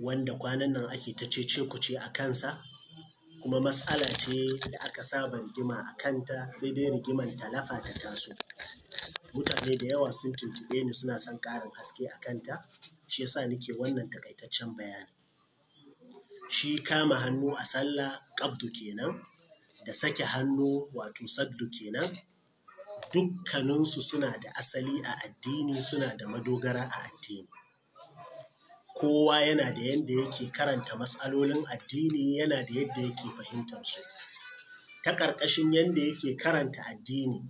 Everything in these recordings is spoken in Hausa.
wanda kwanan nan ake ta cece kuce a kansa kuma matsala ce da aka saba rigima a kanta sai dai rigiman talafa ta taso mutane da yawa sun tuntube ni suna son ƙarin haske a kanta shi yasa nake wannan takaitaccen bayani shi kama hannu a sallah ƙabdu kenan da sake hannu wato saddu kenan dukkaninsu suna da asali a addini suna da madogara a addini kowa yana da yadda yake karanta matsalolin addini yana da yadda yake fahimtar su ta ƙarƙashin yadda yake karanta addini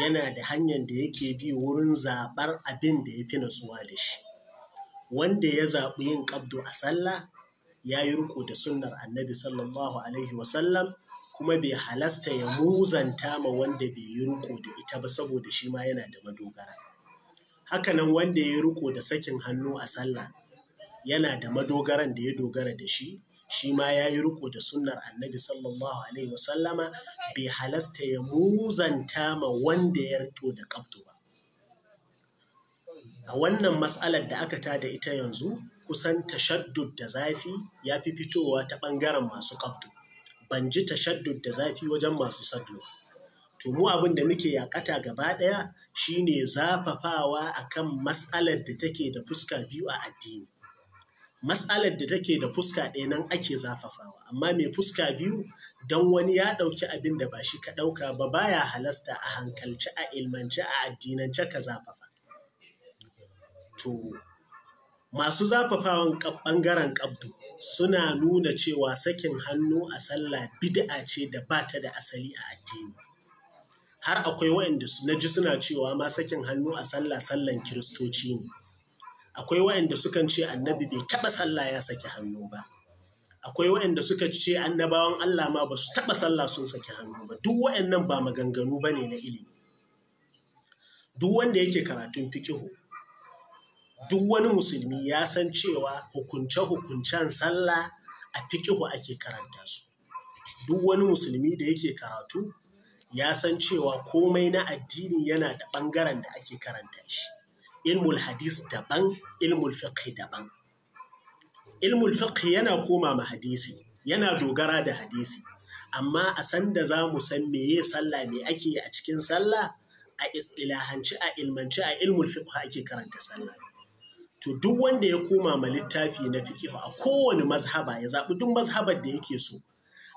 yana da hanyar da yake bi wurin zaɓar abin da ya fi natsuwa da shi wanda ya zaɓi yin ƙabdu a sallah ya yi riko da sunnar annabi sallallahu alaihi wasallam kuma bai halasta ya muzanta ma wanda bai yi riko da ita ba saboda shi ma yana da madogara hakanan wanda ya yi riko da sakin hannu a sallah yana da madogaran da ya dogara da shi shi ma ya yi riko da sunnar annabi sallallahu alaihi wasallama bai halasta ya muzanta ma wanda ya rito da kabdu ba a wannan matsalar da aka tada ita yanzu kusan tashaddud da zafi ya fi fitowa ta ɓangaren masu kabdu ban ji tashaddud da zafi wajen masu sadlo to mu abin da muke yakata gaba ɗaya shine zafafawa akan matsalar da take da fuska biyu a addini matsalar da take da fuska ɗaya nan ake zafafawa amma mai fuska biyu don wani ya ɗauki abin da ba shi ka ɗauka ba baya halasta a hankalci a ilmanci a addinance ka zafafa to masu zafafawan ɓangaren ƙabdu suna nuna cewa sakin hannu a sallah bid'a ce da ba ta da asali a addini har akwai waɗanda na ji suna cewa ma sakin hannu a sallah sallan kiristoci ne akwai waɗanda suka ce annabi bai taɓa sallah ya saki hannu ba akwai waɗanda suka ce annabawan Allah ma ba su taɓa sallah sun saki hannu ba duk waɗannan ba maganganu ba ne na ilimi duk wanda yake karatun fikihu duk wani musulmi ya san cewa hukunce-hukuncen sallah a fikihu ake karanta su duk wani musulmi da yake karatu ya san cewa komai na addini yana da ɓangaren da ake karanta shi ilmul hadis daban ilmul fiqhi daban ilmul fiqhi yana koma ma hadisi yana dogara da hadisi amma a sanda za mu san meye sallah me ake a cikin sallah a istilahanci a ilmanci a ilmul fiqhi ake karanta sallah to duk wanda ya koma ma littafi na fiqh a kowane mazhaba ya zaɓi duk mazhabar da yake so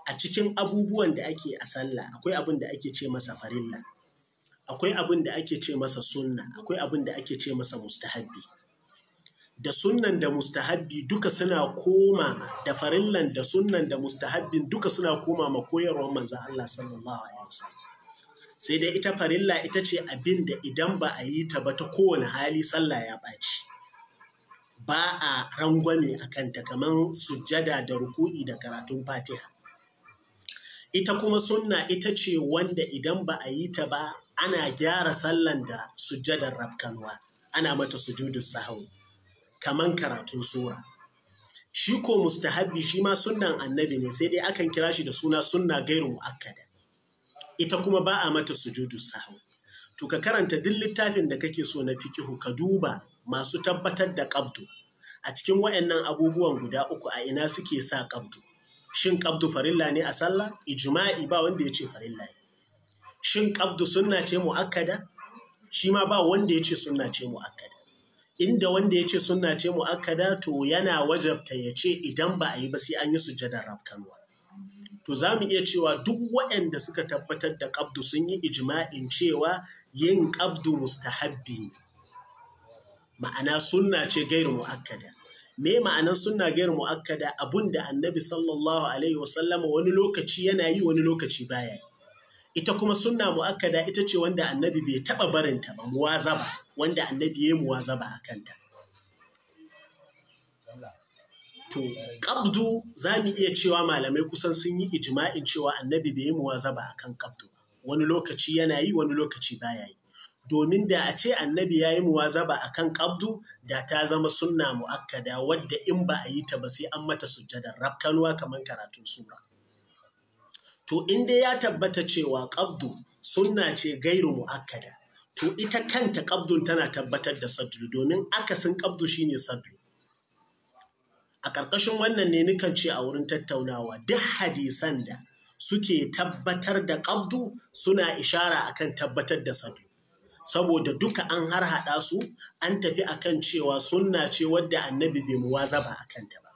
a cikin abubuwan da ake a sallah akwai abin da ake ce masa farilla akwai abin da ake ce masa sunna akwai abin da ake ce masa mustahabbi da sunnan da mustahabbi duka suna koma da farillan da sunnan da mustahabbin duka suna koma ma koyarwar manzo Allah sallallahu alaihi wasallam sai dai ita farilla ita ce abin da idan ba a yi ta ba ta kowane hali sallah ya baci. ba a rangwame akan ta kamar sujjada da ruku'i da karatun fatiha ita kuma sunna ita ce wanda idan ba a yi ta ba ana gyara sallan da sujjadar rafkanwa ana mata sujudu sahawi kaman karatun sura shi ko mustahabbi shi ma sunnan annabi ne sai dai akan kira shi da suna sunna gairu mu'akkada ita kuma ba a mata sujudu sahawi to ka karanta duk littafin da kake so na fikihu ka duba masu tabbatar da qabdu a cikin waɗannan abubuwan guda uku a ina suke sa qabdu shin qabdu farilla ne a sallah ijma'i ba wanda ya ce farilla ne shin ƙabdu sunna ce mu'akkada shi ma ba wanda ya ce sunna ce mu'akkada inda wanda ya ce sunna ce mu'akkada to yana wajabta ya ce idan ba a yi ba sai an yi sujjadar rafkanuwa to za mu iya cewa duk waɗanda suka tabbatar da ƙabdu sun yi ijma'in cewa yin ƙabdu mustahabbi ne ma'ana sunna ce mu mu'akkada me ma'anan sunna gair mu'akkada abun da annabi sallallahu alaihi wasallama wani lokaci yana yi wani lokaci baya yi ita kuma sunna mu'akkada ita ce wanda annabi bai taɓa ta ba muwazaba wanda annabi ya yi muwazaba a kanta to ƙabdu za mu iya cewa malamai kusan sun yi ijima'in cewa annabi bai yi muwazaba a kan kabdu ba wani lokaci yana yi wani lokaci baya yi domin da a ce annabi ya yi muwazaba a kan ƙabdu da ta zama sunna mu'akkada wadda in ba a yi ta ba sai an mata sujjadar rafkanuwa kamar karatun sura to in dai ya tabbata cewa ƙabdu sunna ce gairu mu'akkada to ita kanta ƙabdun tana tabbatar da sadru domin akasin ƙabdu shine sadru a ƙarƙashin wannan ne nukan ce a wurin tattaunawa duk hadisan da suke tabbatar da ƙabdu suna ishara akan tabbatar da sadru saboda duka an harhaɗa su an tafi akan cewa sunna ce wadda annabi bai ba a kanta ba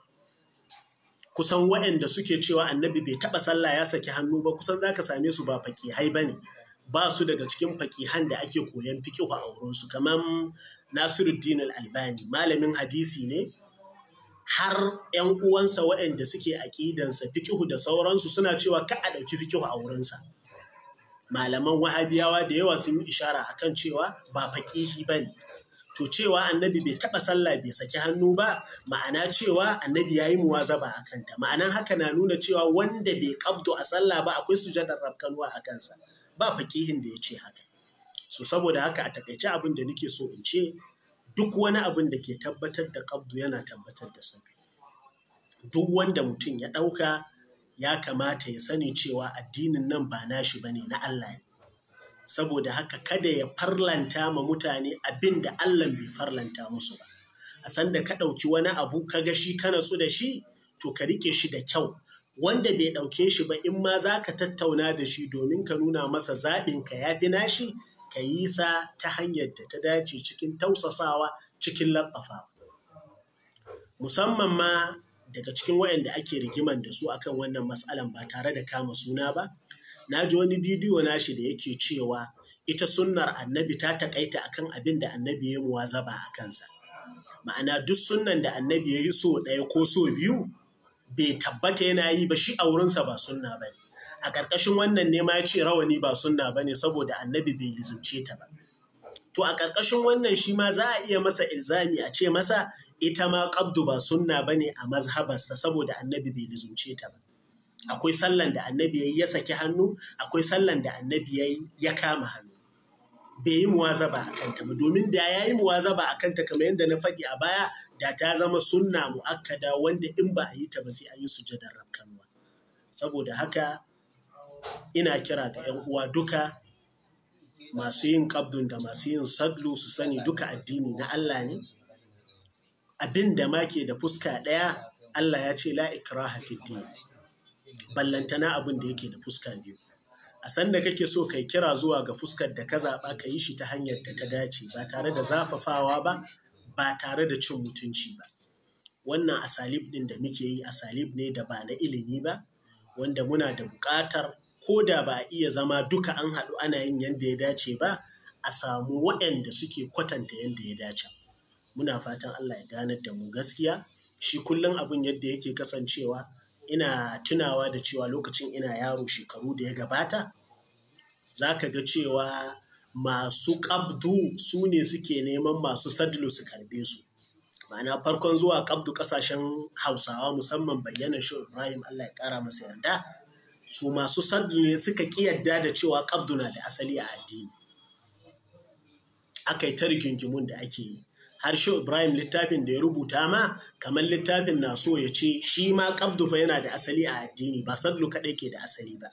kusan waɗanda suke cewa annabi bai taɓa sallah ya saki hannu ba kusan za ka same su ba faƙihai ba ne ba su daga cikin faƙihan da ake koyan fikihu a wurinsu kamar nasiruddin albani malamin hadisi ne har 'yan uwansa waɗanda suke aƙidansa fikihu da sauransu suna cewa ka a ɗauki fikihu a wurinsa malaman wahabiyawa da yawa sun yi ishara akan cewa ba faƙihi ba ne to cewa annabi bai taɓa sallah bai saki hannu ba ma'ana cewa annabi ya yi muwazaba a kanta ma'anan haka na nuna cewa wanda bai kabdo a sallah ba akwai sujadar rabkanuwa a kansa ba fakihin da ya ce haka so saboda haka a takaice abin da nake so in ce duk wani abin da ke tabbatar da kabdo yana tabbatar da sani duk wanda mutum ya ɗauka ya kamata ya sani cewa addinin nan ba nashi bane na Allah ne saboda haka kada ya farlanta ma mutane abin da Allah bai farlanta musu ba a sanda ka ɗauki wani abu ka ga shi ka natsu da shi to ka riƙe shi da kyau wanda bai ɗauke shi ba in ma za ka tattauna da shi domin ka nuna masa zaɓin ka ya fi nashi ka yi sa ta hanyar da ta dace cikin tausasawa cikin laɓafawa musamman ma daga cikin waɗanda ake rigiman da su akan wannan matsalan ba tare da kama suna ba na ji wani bidiyo shi da yake cewa ita sunnar annabi ta takaita akan abin da annabi ya muwazaba a kansa ma'ana duk sunnan da annabi ya yi so ɗaya ko so biyu bai tabbata yana yi ba shi a wurinsa ba sunna ba ne a ƙarƙashin wannan ne ma ya ce rawani ba sunna ba ne saboda annabi bai lizumce ta ba to a ƙarƙashin wannan shi ma za a iya masa ilzami a ce masa ita ma ƙabdu ba sunna ba ne a mazhabarsa saboda annabi bai lizumce ta ba akwai sallan da annabi ya ya saki hannu akwai sallan da annabi ya ya kama hannu bai yi muwazaba a kanta ba domin da ya yi muwazaba a kanta kamar yadda na faɗi a baya da ta zama sunna mu'akkada wanda in ba a yi ta ba sai an yi sujadar rafkanuwa saboda haka ina kira ga 'yan uwa duka masu yin kabdun da masu yin sadlu su sani duka addini na Allah ne abin da ma ke da fuska ɗaya Allah ya ce la ikraha din ballantana abin da yake da fuska biyu a sanda kake so kai kira zuwa ga fuskar da ka zaɓa ka yi shi ta hanyar da ta dace ba tare da zafafawa ba ba tare da cin mutunci ba wannan asalib ɗin da muke yi asalib ne da ba na ilimi ba wanda muna da buƙatar ko da ba a iya zama duka an haɗu ana yin yadda ya dace ba a samu waɗanda suke kwatanta yadda ya dace muna fatan Allah ya ganar da mu gaskiya shi kullum abin yadda yake kasancewa ina tunawa da cewa lokacin ina yaro shekaru da ya gabata za ka ga cewa masu ƙabdu su ne suke neman masu sadlo su karbe su ma'ana farkon zuwa ƙabdu ƙasashen hausawa musamman bayyana shi ibrahim allah ya ƙara masa yarda su masu sadlo ne suka ƙi yarda da cewa ƙabdu na da asali a addini aka yi ta rigingimun da ake yi har shi Ibrahim littafin da ya rubuta ma kamar littafin na so ya ce shi ma kabdu fa yana da asali a addini ba sadlu kaɗai ke da asali ba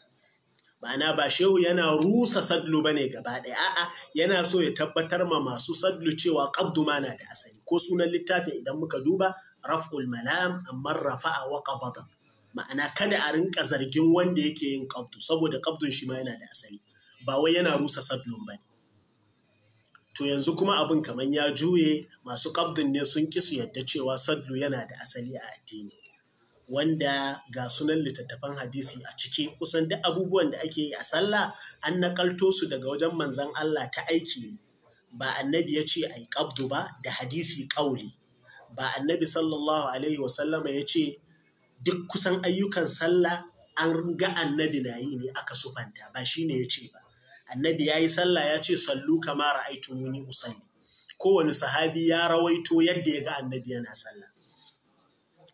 ma'ana ba shehu yana rusa sadlu ba ne gaba ɗaya a'a yana so ya tabbatar ma masu sadlu cewa kabdu ma na da asali ko sunan littafin idan muka duba raf'ul malam amma rafa'a wa qabada ma'ana kada a rinka zargin wanda yake yin kabdu saboda kabdun shi ma yana da asali ba wai yana rusa sadlun ba ne to yanzu kuma abin kamar ya juye masu kabdin ne sun ki su yadda cewa sadlu yana da asali a addini wanda ga sunan littattafan hadisi a ciki kusan duk abubuwan da ake yi a sallah an nakalto su daga wajen manzan Allah ta aiki ne ba annabi ya ce ai ƙabdu ba da hadisi kauli ba annabi sallallahu alaihi wasallama ya ce duk kusan ayyukan sallah an ga annabi na yi ne aka sufanta ba shi ne ya ce ba annabi ya yi sallah ya ce sallu kama ra'aitu muni usalli kowane sahabi ya rawaito yadda ya ga annabi yana sallah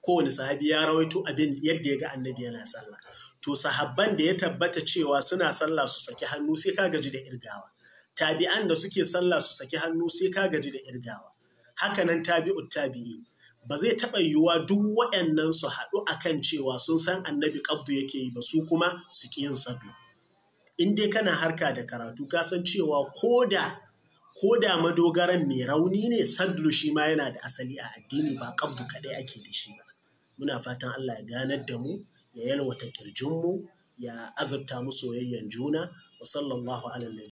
kowane sahabi ya rawaito abin yadda ya ga annabi yana sallah to sahabban da ya tabbata cewa suna sallah su saki hannu sai ka gaji da irgawa tabi'an da suke sallah su saki hannu sai ka gaji da irgawa Haka hakanan tabi'u tabi'i ba zai taɓa yiwuwa duk waɗannan su haɗu akan cewa sun san annabi ƙabdu yake yi ba su kuma su ƙi yin sabbi in dai kana harka da karatu ka san cewa koda koda madogaran mai rauni ne sadlu shi ma yana da asali a addini ba kabdu kadai ake da shi ba muna fatan Allah ya ganar da mu ya yalwata kirjinmu ya azurta mu soyayyen juna wa sallallahu